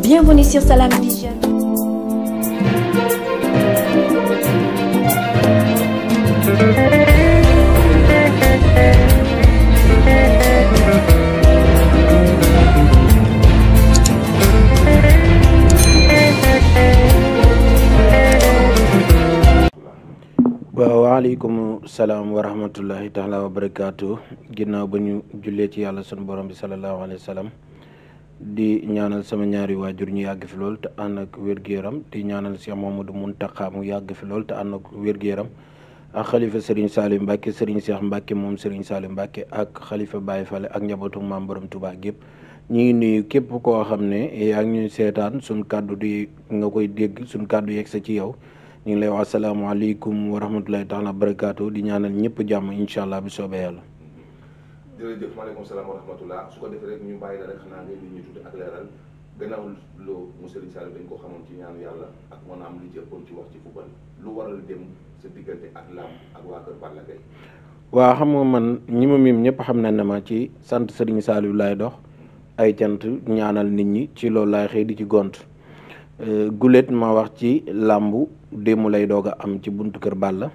Bienvenue sur Salam Vision. waaleykum salaam wa rahmatullahi taala wa barakaatu ginnaaw ba ñu jullee ci yàlla sunu borom bi sallallahu alayhi wa sallam di ñaanal sama ñaari waajur ñu yàgg fi lool te ànd ak wér-gu-yaram di ñaanal Cheikh Mamadou Mountakha mu yàgg fi lool te ànd ak wér-gu-yaram ak xalifa Serigne saali Mbacke Serigne Cheikh Mbacke moom Serigne Salim Mbacke ak xalifa Baye Fale ak njabootu maam borom Touba gépp ñu ngi nuyu képp koo xam ne yaa ngi ñuy seetaan suñ kàddu di nga koy dégg suñ kàddu yegg sa ci yow ñu ngi lay wax asalaamaaleykum wa rahmatulahi taala barakaatu di ñaanal ñëpp jàmm incha allah bi soobee yàlla. jërëjëf maaleykum ko defee rek ñu bàyyi la rek xanaa ngay yàlla ak waa kër xam nga man ñi ma ñëpp xam na ne ma ci sant Serigne Saliou laay dox ay cant ñaanal nit ñi ci lool laay xëy di ci gont euh, gulet ma wax ci làmb démb lay doog a am ci buntu kër Balla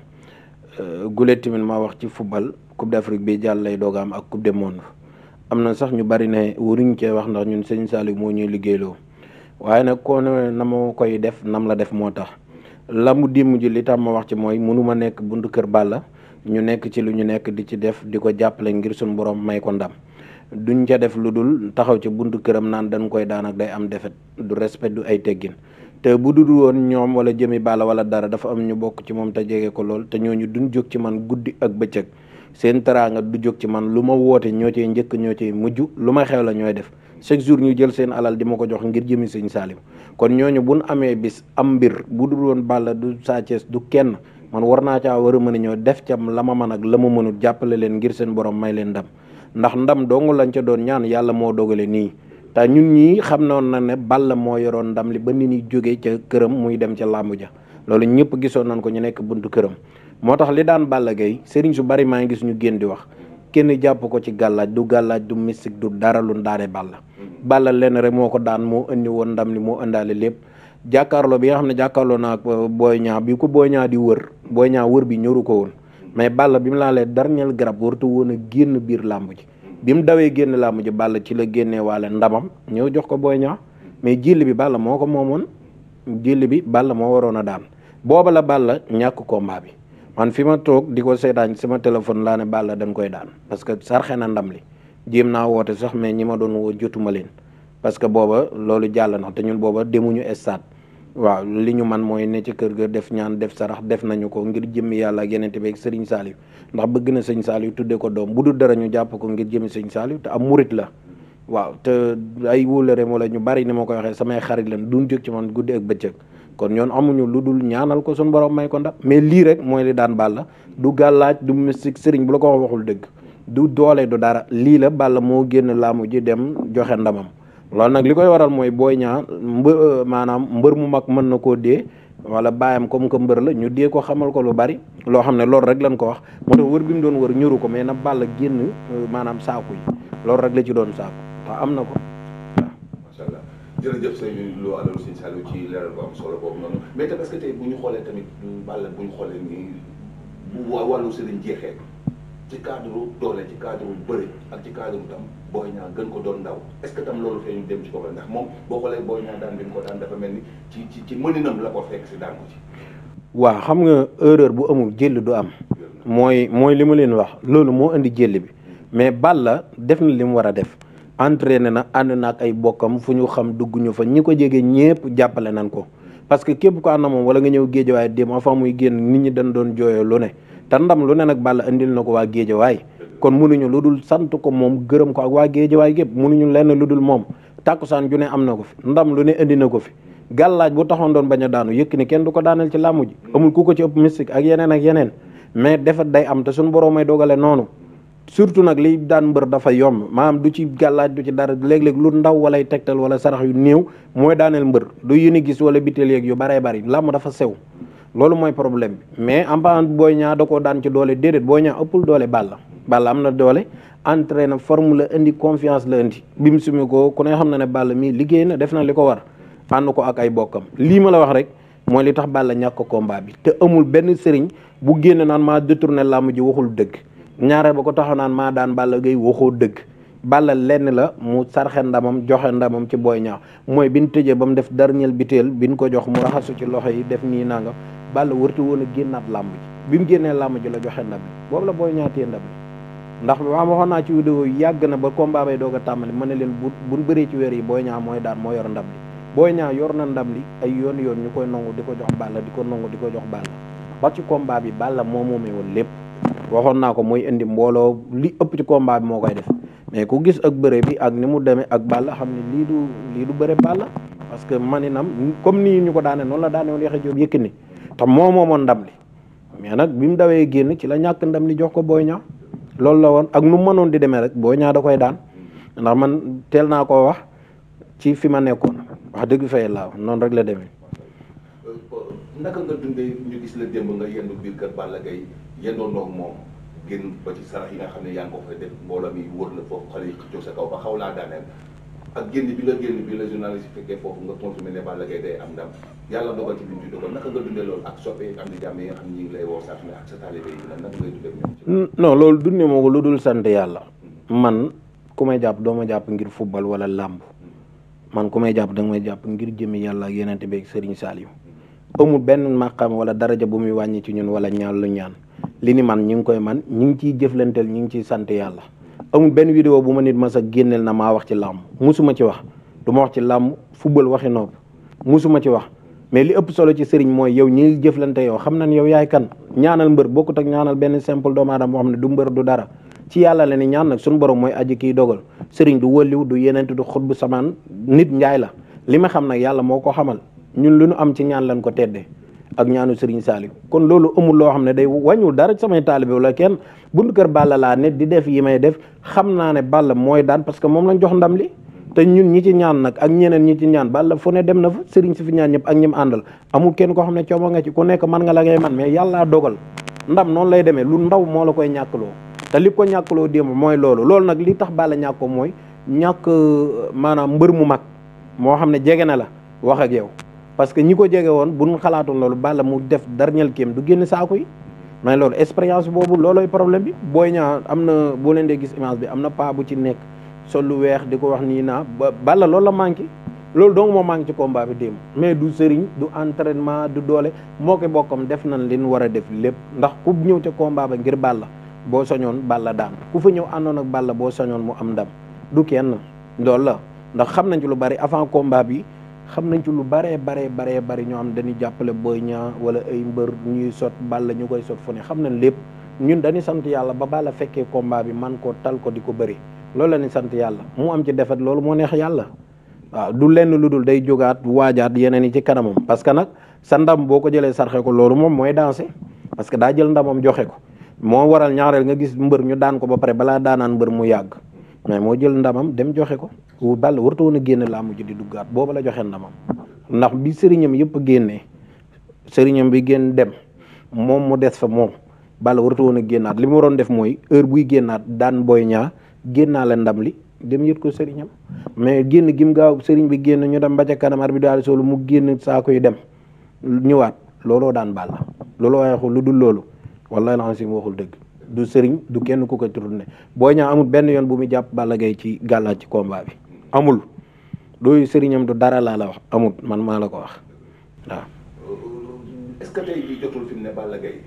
Euh, gulet tamit maa wax ci football coupe d'Afrique bi jàll lay doog am ak coupe du monde am na sax ñu bari ne waruñu cee wax ndax ñun sëñ Saliou moo ñuy liggéeyloo waaye nag koo ne na ma koy def nam la def moo tax la mu dimm ji li tax ma wax ci mooy mënuma nekk buntu kër Balla ñu nekk ci lu ñu nekk di ci def di ko jàppale ngir suñu borom may ko ndam duñ ca def lu dul taxaw ca buntu këram naan dañ koy daan day am defet du respect du ay teggin te bu du woon ñoom wala jëmi bala wala dara dafa am ñu bokk ci moom te jege ko lool te ñooñu du jóg ci man guddi ak bëccëg seen teraanga du jóg ci man lu ma woote ñoo cee njëkk ñoo cee mujj lu ma xew ñooy def chaque jour ñu jël seen alal di ma ko jox ngir jëmi sëñ Saalim kon ñooñu buñ amee bis am mbir bu dul woon bala du Sa du kenn man war naa caa war a mën a ñoo def cam la ma mën ak la ma mënul jàppale leen ngir seen borom may leen ndam ndax ndam dong lañ ca doon ñaan yàlla moo dogale nii te ñun ñii xam noon na ne Balla moo yoroon ndam li ba ni ñuy jógee ca këram muy dem ca làmb ja loolu ñëpp gisoon nañ ko ñu nekk buntu këram moo tax li daan Balla Gaye sëriñ su bari maa ngi gis ñu génn di wax kenn jàpp ko ci gàllaaj du gàllaaj du mystique du dara lu daane Balla Balla lenn rek moo ko daan moo indi woon ndam li moo indaale lépp jàkkaarloo bi nga xam ne jàkkaarloo naa euh, Boy Niang bi ko Boy ñaa di wër Boy Niang wër bi ñoru ko woon mais Balla bi mu laalee dernier garab wartu woon a génn biir làmb ji bi mu dawee génn làmb ji Balla ci la génnee waale ndamam ñëw jox ko boo Niang mais jilli bi Balla moo ko moomoon jilli bi Balla moo waroon a daan booba la Balla ñàkk combat bi man fi ma toog di ko seetaan sama téléphone laa ne Balla dañ koy daan parce que sarxee na ndam li jéem naa woote sax mais ñi ma doon woo jotuma leen parce que booba loolu jàll na te ñun booba demuñu stade waaw li ñu man mooy ne ci kër ga def ñaan def sarax def nañu ko ngir jëmmi yàlla ak yenente beeg sëriñ Saliou ndax bëgg na sëñ Saliou tuddee ko doom bu dul dara ñu jàpp ko ngir jëmmi sëñ Saliou te am murit la waaw te ay wóolare moo ñu bari ni ma koy waxee samay xarit lan duñ jóg ci man guddi ak bëccëg kon ñoon amuñu lu dul ñaanal ko suñu borom may ko ndam mais lii rek mooy li daan Balla du gàllaaj du mystique sëriñ bu la ko waxul dëgg du doolee du dara lii la Balla moo génn laamu ji dem joxe ndamam loolu nag li koy waral mooy booy ñaar mbë euh, maanaam mbër mu mag mën na koo dee wala baayam comme que mbër la ñu dee ko xamal ko lu bari loo xam ne loolu rek lañ ko wax moo tax wër bi mu doon wër ñuru ko mais na Balla génn euh, maanaam saaku yi loolu rek la ci doon saaku waaw am na ko waaw. macha allah jërëjëf sëñ Lo Alioune Sine Saliou ci leeral bu am solo tamit est-ce bu ñu xoolee tamit Balla bu ñu xoolee nii bu wàllu sëriñ jeexee. ci cadre doole ci cadre bëri ak ci cadre tam Boy Niang gën ko doon ndaw est que tam loolu feeñu dem ci ko ndax moom boo xoolee Boy ko xam nga erreur bu amul jëll du am. mooy mooy li ma leen wax loolu moo indi jëll bi mais Balla def li mu war a def. entraîné na ànd na ak ay bokkam fu ñu xam dugg fa ñi ko jege ñëpp jàppale nañ ko parce que képp ko na moom wala nga ñëw géejawaay dem avant muy génn nit ñi dañ doon jooyoo lu ne. te ndam lu ne nag Balla andil na ko waa géejawaay kon munuñu lu dul sant ko moom gërëm ko ak waa géejawaay gépp munuñu lenn lu dul moom tàkkusaan ju ne am na ko fi ndam lu ne indi na ko fi gàllaaj bu taxoon doon bañ a daanu Yékini kenn du ko daaneel ci làmb ji amul ku ko ci ëpp mystique ak yeneen ak yeneen mais defet day am te suñu boroomay dogale noonu surtout nag liy daan mbër dafa yomb maanaam du ci gàllaaj du ci dara léeg-léeg lu ndaw walay tegtal wala sarax yu néew mooy daaneel mbër du yu ni gis wala bitéel yeeg yu baree bari làmb dafa sew loolu mooy problème bi mais en parlant Boy Niang da daan ci doole déedéet Boy Niang ëppul doole Balla Balla am na doole entraîné na forme la indi confiance la indi bi mu sumi ko ku ne xam na ne Balla mii liggéey na def na li ko war ànd ko ak ay bokkam lii ma la wax rek mooy li tax Balla ñàkk combat bi te amul benn sëriñ bu génn naan maa détourné làmb ji waxul dëgg ñaareel ba ko taxaw naan maa daan Balla Gaye waxoo dëgg Balla lenn la mu sarxe ndamam joxe ndamam ci Boy Niang mooy bi nu tëjee ba mu def dernier biteel bi nu ko jox mu raxasu ci loxo yi def nii nangam Balla wartu woon a génnaat làmb ji bi mu génnee làmb ji la joxe ndam li boobu la Boy Niang téye ndam li ndax maam waxoon naa ci vidéo yàgg na ba combat doog tàmbali ma ne leen bu buñ bëree ci weer yi Boy Niang mooy daan moo yor ndam li Boy Niang yor na li ay yoon yoon ñu koy nangu di ko jox Balla di ko nangu di ko jox Balla ba ci combat bi Balla moo moomee woon lépp waxoon naa ko mooy indi mbooloo li ëpp ci combat bi moo koy def mais ku gis ak bëre bi ak ni mu demee ak Balla xam ne lii du lii du bëre Balla parce que maninam comme ni ñu ko daane noonu la daane woon Yaxe Joob ni te moo moomoon ndam li mais nag bi mu dawee génn ci la ñàkk ndam li jox ko Boy ñax loolu la woon ak nu mu mënoon di demee rek boo ñaada koy daan ndax man teel naa koo wax ci fi ma nekkoon wax dëgg fa yàlla noonu rek la demee. Euh, naka nga dundee ñu gis la démb nga yendu biir kër Balla Gaye yendoon ndox moom. génn yi nga ne yaa ngi ko fay def na foofu xale bi nga loolu ak moo ko lu dul sant yàlla man ku may jàpp doo ma jàpp ngir football wala làmb man ku may jàpp da nga may jàpp ngir jëmi yàlla ak yenente beeg Serigne Saliou amul benn maqam wala daraja bu muy wàññi ci ñun wala ñaan lu ñaan li ni man ñu ngi koy man ñu ngi ciy jëflanteel ñu ngi ciy sant yàlla amul benn vidéo bu ma nit ma sa génneel na maa wax ci làmb musuma ci wax du ma wax ci làmb football waxi nopp musuma ci wax mais li ëpp solo ci sëriñ mooy yow ñi jëflante yow xam na nañ yow yaay kan ñaanal mbër bokkut ak ñaanal benn simple doomu aadama boo xam ne du mbër du dara ci yàlla leen ni ñaan nag suñu borom mooy aji kiy dogal sëriñ du wëliw du yenent du xut bu samaan nit njaay la li ma xam nag yàlla moo ko xamal ñun lu ñu am ci ñaan lañ ko teddee ak ñaanu Serigne Saliou kon loolu amul loo xam ne day wàññul dara ci samay taalibe wala kenn buntu kër Balla laa ne di def yi may def xam naa ne Balla mooy daan parce que moom lañ jox ndam li te ñun ñi ci ñaan nag ak ñeneen ñi ci ñaan Balla fu ne dem na fa Serigne si fi ñaan ñëpp ak ñim àndal amul kenn ko xam ne coomo nga ci ku nekk man nga la ngay man mais yàllaa dogal ndam noon lay demee lu ndaw moo la koy ñàkkloo te li ko ñàkkloo démb mooy loolu loolu nag li tax Balla ñàkk mooy ñàkk maanaam mbër mu mag moo xam ne jege na la wax ak yow parce que ñi ko jege woon bu ñu xalaatoon loolu Balla mu def dernier kéem du génn saako yi mais loolu expérience boobu loolooy problème bi boo Niang am na boo leen dee gis image bi am na paa bu ci nekk sol lu weex di ko wax nii naa ba Balla loolu la manqué loolu dong moo manqué ci combat bi démb mais du sëriñ du entraînement du doole moo ko bokkam def nañ li ñu war a def lépp ndax ku ñëw ca combat ba ngir Balla boo soñoon Balla daan ku fa ñëw àndoon Balla boo soñoon mu am ndam du kenn loolu la ndax xam nañ ci lu bari avant combat bi. xam nañ ci lu baree baree baree bari ñoo am dañuy jàppale boo Niang wala ay mbër ñuy sot Balla ñu koy sot fu ne xam nañ lépp ñun dañuy sant yàlla ba Balla fekkee combat bi man ko tal ko di ko bëri loolu la ñuy sant yàlla mu am ci defet loolu moo neex yàlla waaw du lenn lu dul day jógaat waajaat yeneen yi ci kanamam parce que nag sa ndam boo ko jëlee sarxe ko loolu moom mooy dansé parce que daa jël ndamam joxe ko moo waral ñaareel nga gis mbër ñu daan ko ba pare balaa daanaan mbër mu yàgg mais moo jël ndamam dem joxe ko wu Balla woon a génne làmb ji di duggaat booba la joxe ndamam ndax bi sëriñam yëpp génnee sëriñam bi génn dem moom mu des fa moom Balla warut woon a génnaat li mu waroon def mooy heure buy génnaat daan booy ñaa génnaale ndam li dem yët ko sëriñam mais génn gim gaaw sëriñ bi génn ñu dem ba ca kanam bi daal soolu mu génn saa koy dem ñëwaat looloo daan Balla loolo waxul lu dul loolu wallahi alhamdulilah waxul dëgg. du sëriñ du kenn ku ko tourné Boy Niang amul benn yoon bu muy jàpp Balla Gaye ci gàllaaj ci combat bi amul dooyu sëriñam du dara laa la wax amul man maa la ko wax waaw. ce que tey jii jotul fi mu ne Balla Gaye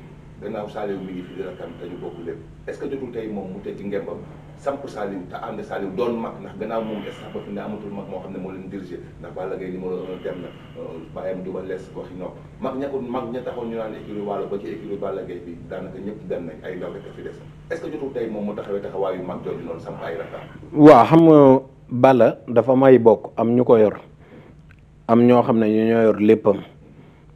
samp Salim te ànd Salim doon mag ndax gannaaw moom staff ba fi ne amatul mag moo xam ne moo leen dirigé ndax Balla Gaye numéro un dem na euh, bàyyam du ba lees waxi nopp ko mag ña ñu naan écurie Walo ba ci écurie Balla dem nañ ay ndaw rek a fi des est-ce que xam nga Balla dafa may bokk am ñu ko yor am ñoo xam ne ñu ñoo yor léppam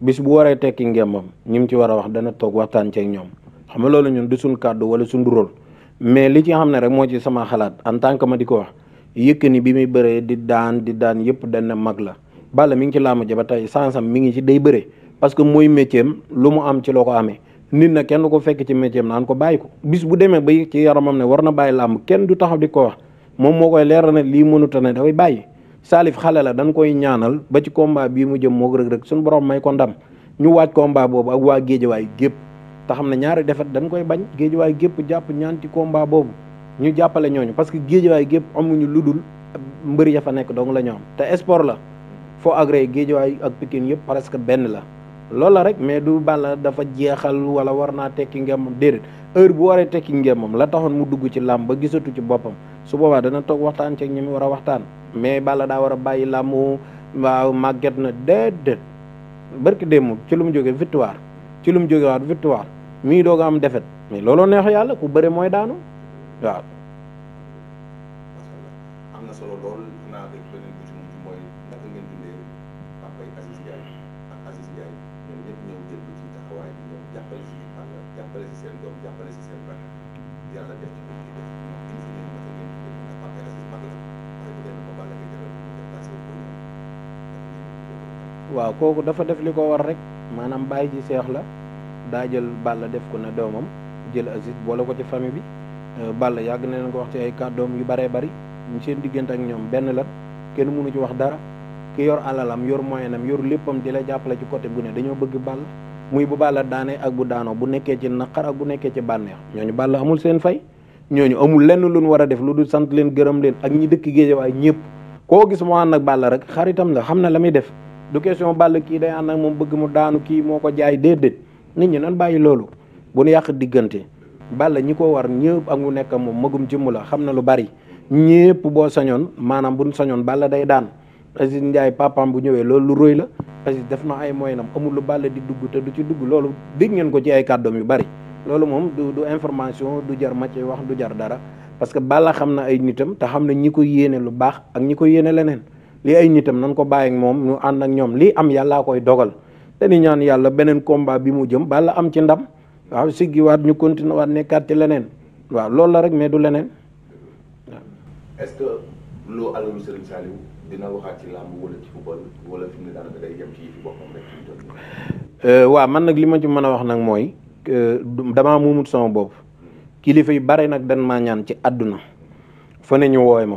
bis bu waree tekki ngémbam ñi mu ci war a wax dana toog waxtaan ceeg ñoom xam nga loolu ñun du suñ kàddu wala suñ rôle mais li ci xam ne rek moo ci sama xalaat en tant que ma di ko wax Yékini bi muy bëree di daan di daan yëpp dañ ne mag la Balla mi ngi ci làmb ja ba tey sansam mi ngi ci day bëre parce que mooy métier lu mu am ci loo ko amee nit na kenn du ko fekk ci métier am ko bàyyi ko bis bu demee ba ci yaramam ne war na bàyyi làmb kenn du taxaw di ko wax moom moo koy leer ne lii mënuta ne dafay bàyyi Salif xale la dañ koy ñaanal ba ci combat bii mu jëm moo Reug Reug suñu borom may ko ñu waaj combat boobu ak waa Géejawaay gépp te xam ne ñaari defet dañ koy bañ géejuwaay gépp jàpp ñaanti combat boobu ñu jàppale ñooñu parce que géejuwaay gépp amuñu lu dul mbër ya fa nekk dong la am te sport la foo agré géejuwaay ak Pikine yëpp presque benn la loolu la rek mais du Balla dafa jeexal wala war naa tekki ngemmam déedéet heure bu waree tekki ngemmam la taxoon mu dugg ci làmb ba gisatu ci boppam su boobaa dana toog waxtaan ceeg ñi mu war a waxtaan mais Balla daa war a bàyyi làmb waaw màgget na déedéet barki démb ci lu mu jógee victoire ci lu mu jógewaat victoire mi ngi doog a am défaite mais looloo neex yàlla ku bëre mooy daanu waaw. na solo lool ci mujj waaw kooku dafa def li ko war rek. maanaam bàyyi ji seex la daa jël Balla def ko ne doomam jël Aziz boole ko ci famille bi euh, Balla yàgg na leen ko wax ci ay kàddoom yu baree bari ñu seen diggante ak ñoom benn la kenn mënu ci wax dara ki yor alalam yor moyenam yor léppam di la jàppale ci côté bu ne dañoo bëgg Balla muy bu Balla daanee ak bu daanoo bu nekkee ci naqar ak bu nekkee ci bànneex ñooñu Balla amul seen fay ñooñu amul lenn lu ñu war a def lu dul sant leen gërëm leen ak ñi dëkk Géejawaay ñëpp koo gis ànd ak Balla rek xaritam la xam na la muy def du question bàll kii day ànd ak moom bëgg mu daanu kii moo ko jaay déedéet nit ñi nan bàyyi loolu bu nu yàq diggante balla ñi ko war ñëpp ak mu nekk moom magum jëmm la xam na lu bari ñi ñëpp boo sañoon maanaam bu nu sañoon bàll day daan Aziz Ndiaye papaam bu ñëwee loolu lu rëy la Aziz def na ay moyenam amul lu bàll di dugg te du ci dugg loolu dégg ngeen ko ci ay kàddoom yu bari loolu moom du information du jar ma ci wax du jar dara parce que balla xam na ay nitam te xam na ñi ko yéene lu baax ak ñi ko yéene leneen li ay nitam nan ko bàyyi moom ñu ànd ñoom lii am yàllaa koy dogal te ñaan yàlla beneen combat bi mu jëm bala am ci ndam waaw siggiwaat ñu continuer waat nekkaat leneen waaw loolu la rek mais du leneen waaw. ce que loo euh, waaw man nag li ma ci mën a wax nag mooy damaa muumut sama bopp kilifa yi bare nag dan maa ñaan ci àdduna fa ne ñu wooy ma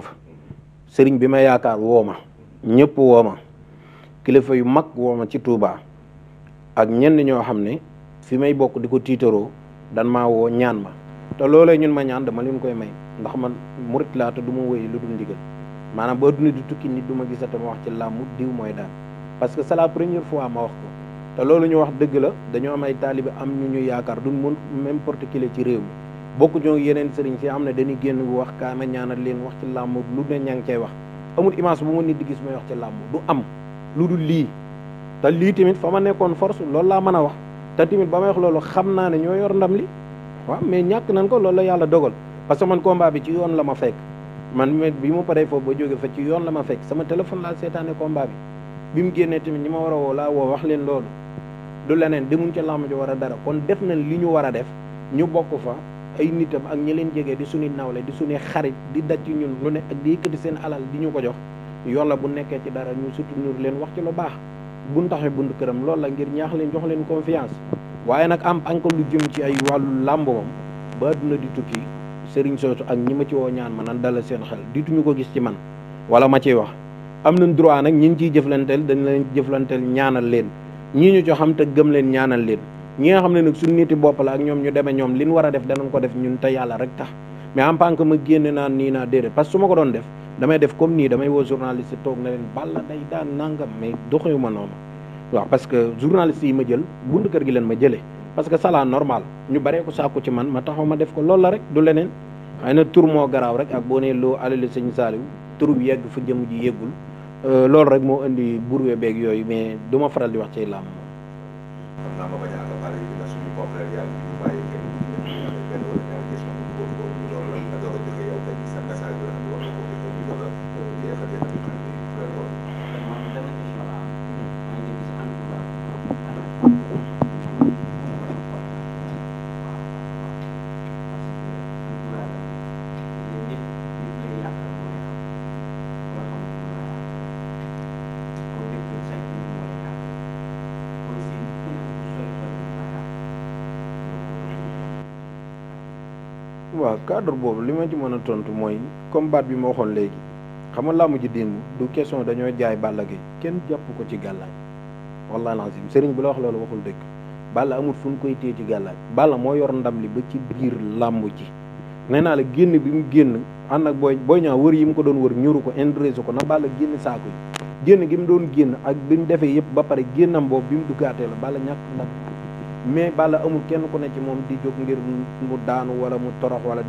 sëriñ bi ma yaakaar woo ma. ñëpp woo ma kilifa yu mag woo ma ci Touba ak ñenn ñoo xam ne fi may bokk di ko tiitaroo dan maa woo ñaan ma te loolee ñun ma ñaan dama leen koy may ndax man murit laa te du ma woy lu dul ndigal maanaam ba dund di tukki nit du ma gisata ma wax ci làmbu diw mooy daal parce que c'est la première fois ma wax ko te loolu ñu wax dëgg la dañoo am ay taalibe am ñu ñu yaakaar duñ mun porte particulier ci réew mi bokk ñoo yeneen sëriñ si am ne dañu génn wax kaama ñaanal leen wax ci làmmu lu ne ña ngi cay wax amul image bu ma nit di gis may wax ci làmb du am lu dul lii te lii tamit fa ma nekkoon force loolu laa mën a wax te tamit ba may wax loolu xam naa ne ñoo yor ndam li waaw mais ñàkk nañ ko loolu la yàlla dogal parce que man combat bi ci yoon la ma fekk man bi mu paree foofu ba jóge fa ci yoon la ma fekk sama téléphone laa seetaane combat bi bi mu génnee tamit ñi ma war a woo laa woo wax leen loolu du leneen demuñ ca làmb ji war a dara kon def na li ñu war a def ñu bokk fa ay nitam ak ñi leen jege di suñu nawle di suñu xarit di daj ci ñun lu ne ak di yëkkati seen alal di ñu ko jox yoon la bu nekkee ci dara ñu soutenir leen wax ci lu baax bun taxee bunt këram loolu la ngir ñaax leen jox leen confiance waaye nag am anka lu jëm ci ay wàllu làmb ba adduna di tukki sëriñ soosu ak ñi ma ci woo ñaan ma nan dalal seen xel dituñu ko gis ci man wala ma ciy wax am nañ droit nag ñi ñu ciy jëflanteel leen jëflanteel ñaanal leen ñii ñu ci xam te gëm leen ñaanal leen ñi nga xam ne nag suñu niti bopp la ak ñoom ñu deme ñoom li ñu war a def danañ ko def ñun te yàlla rek tax mais en tant que ma génne naan nii naa déedéet parce que su ma ko doon def damay def comme nii damay woo journaliste toog na leen balla day daan nangam mais doxewu ma noonu waaw parce que journaliste yi ma jël buntu kër gi leen ma jëlee parce que salaa normal ñu bare ko sàkku ci man ma taxaw ma def ko loolu la rek du leneen xëy na tur moo garaaw rek ak boo nee loo alali sëñ Saliou tur bi yegg fa jëm ji yeggul euh, loolu rek moo indi burwe beeg yooyu mais du ma faral di wax ci làmb of the young people. waaw cadre boobu li ma ci mën a tontu mooy comme baat bi ma waxoon léegi xam nga làmb ji démb du question dañoo jaay Balla Gaye kenn jàpp ko ci gàllaaj wallaahi lazim sëriñ bi la wax loolu waxul dëgg Balla amul fu ñu koy téye ci gàllaaj Balla moo yor ndam li ba ci biir làmbu ji nee naa la génn bi mu génn ànd ak booy booy ñaa wër yi mu ko doon wër ñuru ko indrésé ko na Balla génn saako yi génn gi mu doon génn ak bi mu defee yëpp ba pare génnam boobu bi mu duggaatee la Balla ñàkk ndam mais Balla amul kenn ku ne ci moom di jóg ngir mu daanu wala mu torox wala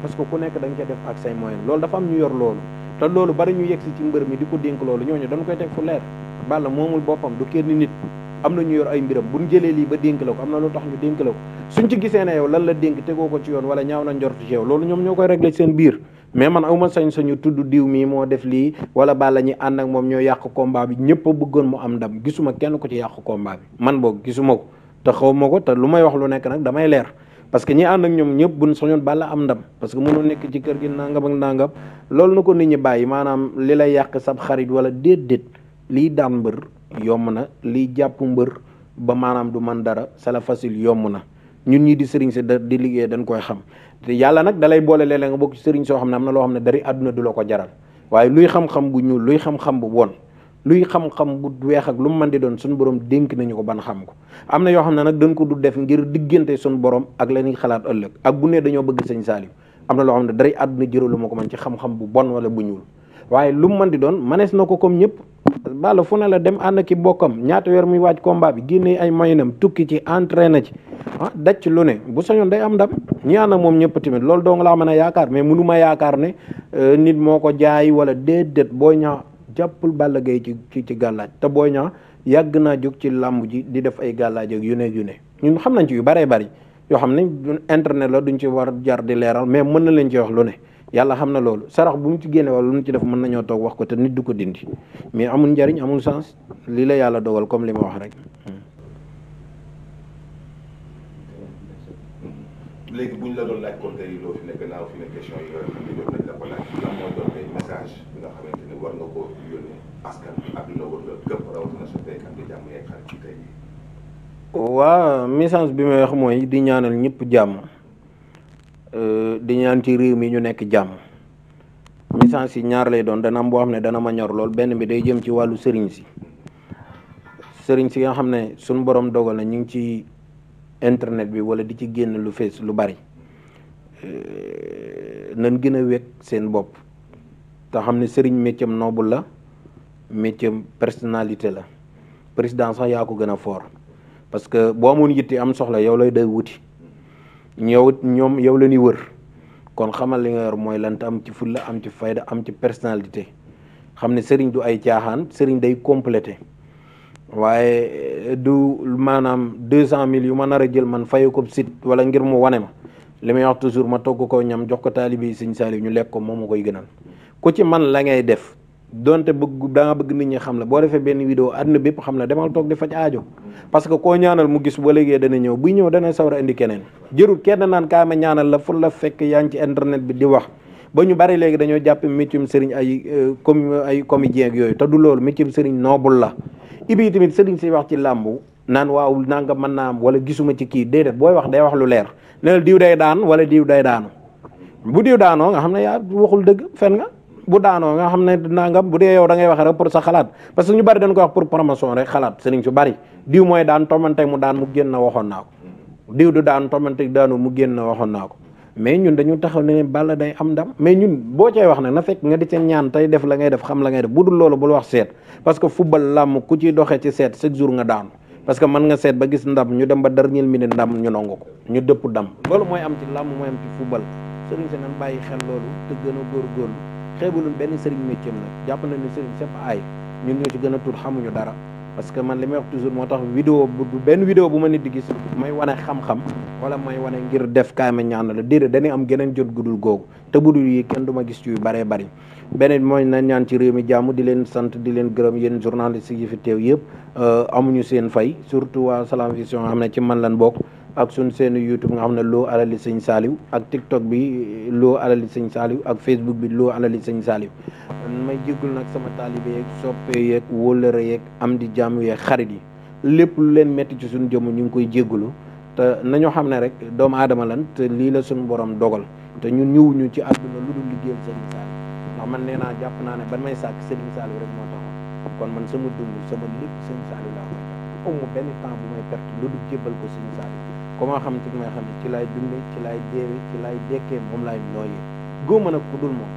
parce que ku nekk da nga def ak say moyens loolu dafa am ñu yor loolu te loolu bari ñu yegg si ci mbër mi di ko dénk loolu ñooñu dañ koy teg leer Balla moomul boppam du kenn nit am na ñu yor ay mbiram bu ñu jëlee lii ba dénk am na lu tax ñu dénk la ko suñ ci gisee ne yow la dénk tegoo ko ci yoon wala ñaaw na njort ci yow loolu ñoom ñoo koy réglé seen biir mais man awma sañ-sañu tudd diw mii moo def lii wala Balla ñi ànd ak moom ñoo yàq combat bi ñëpp bëggoon mu am ndam gisuma kenn ko ci yàq combat bi man boog gisuma ko te xaw ma ko te lu may wax lu nekk nag damay leer parce que ñii ànd ak ñoom ñëpp bu buñ soñoon bala am ndam parce que mënoo nekk ci kër gi nangam ak nangam loolu na ko nit ñi bàyyi maanaam li lay yàq sab xarit wala déedéet lii daan mbër yomb na lii jàpp mbër ba maanaam du man dara c'est la yomb na ñun ñii di sëriñ si da di liggéey dañ koy xam te yàlla nag dalay boole léeg-léeg nga bokk sëriñ soo xam ne am na loo xam ne dari àdduna du la ko jaral waaye luy xam-xam bu luy xam bu bon luy xam-xam bu weex ak lu mu mën di doon suñu borom dénk nañu ko ban xam ko am na yoo xam ne nag dañ ko du def ngir diggante suñu borom ak la ñuy xalaat ëllëg ak bu ne dañoo bëgg sëñ Saliou am na loo xam ne daray àdduna jëralu ma ko man ci xam bu bon wala bu ñuul waaye lu mu mën di doon manees na ko comme ñëpp bala fu la dem ànd ki bokkam ñaata weer muy waaj combat bi génnee ay moyenam tukki ci entraîné ci ah daj ci lu ne bu sañoon day am ndam ñi moom ñëpp tamit loolu dong laa mën a yaakaar mais mënu ma yaakaar ne euh, nit moo ko jaay wala déedéet boo ñaa jàppul Balla Gaye ci ci ci gàllaaj te Boy Niang yàgg naa jóg ci làmb ji di def ay gàllaaj ak yu ne yu ne ñun xam nañ ci yu bëree bari yoo xam ne internet la duñ ci war jar di leeral mais mën na leen ci wax lu ne yàlla xam na loolu sarax bu mu ci génne wala lu mu ci def mën nañoo toog wax ko te nit du ko dindi mais amul njariñ amul sens lii la yàlla dogal comme li ma wax rek. Hmm. léegi bu la la ko askan ak waa message bi ma wax mooy di ñaanal ñëpp jàmm euh, di ñaan ci réew mi ñu nekk jàmm message yi ñaar lay doon dana am boo xam ne dana ma ñor lool benn bi day jëm ci wàllu sëriñ si sëriñ si nga xam ne suñ borom dogal na ñu ngi ci internet bi wala di ci génn lu fees lu bari euh, nan gën a wekk seen bopp te xam ne sëriñ méccam noobul la. métier personnalité la président sax yaa ko gën a fort parce que boo amoon yitte am soxla yow lay day wuti ñëw ñoom yow la ñuy wër kon xamal li nga yor mooy lan te am ci fulla am ci fayda am ci personnalité xam ne sëriñ du ay caaxaan sëriñ day complété waaye eh, du maanaam deux cent mille yu ma nar a jël man fayu ko sit wala ngir mu wane ma li toujours ma togg ko ñam jox ko taalibi sëñ Saaliw ñu lekk ko moom ma koy gënal ku ci man la ngay def donte bëgg daa bëgg nit ñi xam la boo defee benn vidéo àdduna bépp xam la demal toog di faj aajo parce que koo ñaanal mu gis ba léegi dana ñëw buy ñëw dana sawar a indi keneen jërul kenn naan kaa ma ñaanal la fu la fekk yaa ci internet bi di wax ba ñu bari léegi dañoo jàpp métium sëriñ ay euh, comme ay comédien yooyu te du loolu métium sëriñ noobul la ibi tamit sëriñ si wax ci làmbu naan waaw nanga mën naa am wala gisuma ci kii déedéet booy wax day wax lu leer ne diw day daan wala diw day daanu bu diw daanoo xam ne yaa waxul dëgg fen nga bu daanoo nga xam ne nangam bu dee yow da ngay wax rek pour sa xalaat parce que ñu bari dañ ko wax pour promotion rek xalaat sëriñ su bari diw mooy daan tomante mu daan mu génn waxoon naa ko diw du daan tomante daanu mu génn waxoon naa ko mais ñun dañu taxaw ne Balla day am ndam mais ñun boo cay wax nag na fekk nga di ca ñaan def la ngay def xam la ngay def bu dul loolu bul wax seet parce que football làmm ku ci doxee ci seet chaque jour nga daanu parce que mën nga seet ba gis ndam ñu dem ba dara minute ndam ñu ko ñu dëpp ndam loolu mooy am ci làmm mooy am ci bàyyi xel loolu te gën a lu benn sëriñ métier nag jàpp nañ ne sëriñ sépp aay ñun ñoo ci gën a tuut xamuñu dara parce que man li may wax toujours moo tax vidéo bu benn vidéo bu ma nit di gis may wane xam-xam wala may wane ngir def kaay ma ñaan la déedéet dañuy am geneen jot gudul googu te budul yi kenn du ma gis ci yu bëree bëri beneen mooy na ñaan ci réew mi jàmm di leen sant di leen gërëm yéen journaliste yi fi teew yëpp euh, amuñu seen fay surtout waa Salam Vision am ne ci man lan bokk ak suñ seenu youtube nga xam ne loo alali sëñ saaliw ak tiktok bi loo alali sëñ saaliw ak facebook bi loo alali sëñ saaliw may jéggul nag sama taalibe yeeg soppe yeeg wóllëre yeeg am di jàmm yeeg xarit yi lépp lu leen metti ci suñ jëmm ñu ngi koy jéggulu te nañoo xam ne rek doomu aadama lan te lii la suñ borom dogal te ñun ñëwuñu ci àdduna lu dul liggéeyal sëñ saaliw ndax man nee naa jàpp naa ne ba may sàkk sëñ saaliw rek moo tax kon man sama dund sama lépp sëñ saaliw laa amu ko sëñ ku ma xam ci may xam ci laay dunde ci laay deewe ci laay dekkee moom laay nooyee góoma nag ku dul moom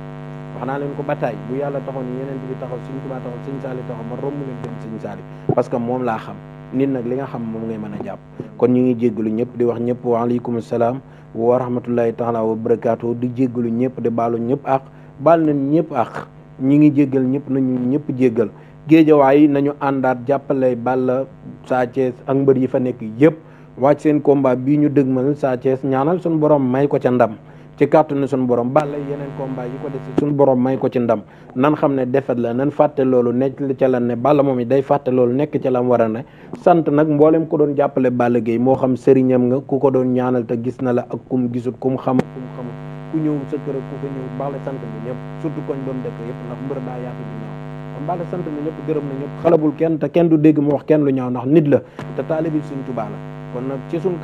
wax naa leen ko bataay bu yàlla taxaw ni yeneen bi taxaw suñ tubaa taxaw suñ saali taxaw ma romb leen dem suñ saali parce que moom laa xam nit nag li nga xam moom ngay mën a jàpp kon ñu ngi jéggalu ñëpp di wax ñëpp waaleykum salaam wa rahmatullahi taala wa barakaatu di jéggalu ñëpp di baalu ñëpp ak baal nañ ñëpp ak ñi ngi jéggal ñëpp nañu ñëpp jéggal géejawaay nañu àndaat jàppale Balla Sa Thiès ak mbër yi fa nekk yëpp wàcc seen combat bii ñu dëgmal Sa Thiès ñaanal suñu borom may ko ca ndam ci kàttanu suñu borom Balla yeneen combat yi ko def si suñu borom may ko ci ndam nan xam ne defet la nan fàtte loolu nekk ca la ne Balla moom it day fàtte nekk ca la mu a ne sant nag mboolem ko doon jàppale Balla géey moo xam sëriñam nga ku ko doon ñaanal te gis na la ak kum gisut kum xama kum xamut ku ñëw sa kër ku ko ñëw Balla sant na ñëpp surtout koñ doon dëkk yëpp ndax mbër daa yaatu bi ñaaw sant na gërëm na ñëpp xalabul kenn kenn du dégg mu wax kenn lu ñaaw ndax nit la te taalibi Sëriñ Tuubaa la kon nag ci suñ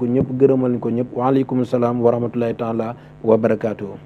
ko ñëpp gërëmal nañ ko ñëpp waaleykum salaam wa rahmatulahi taala wa barakaatu.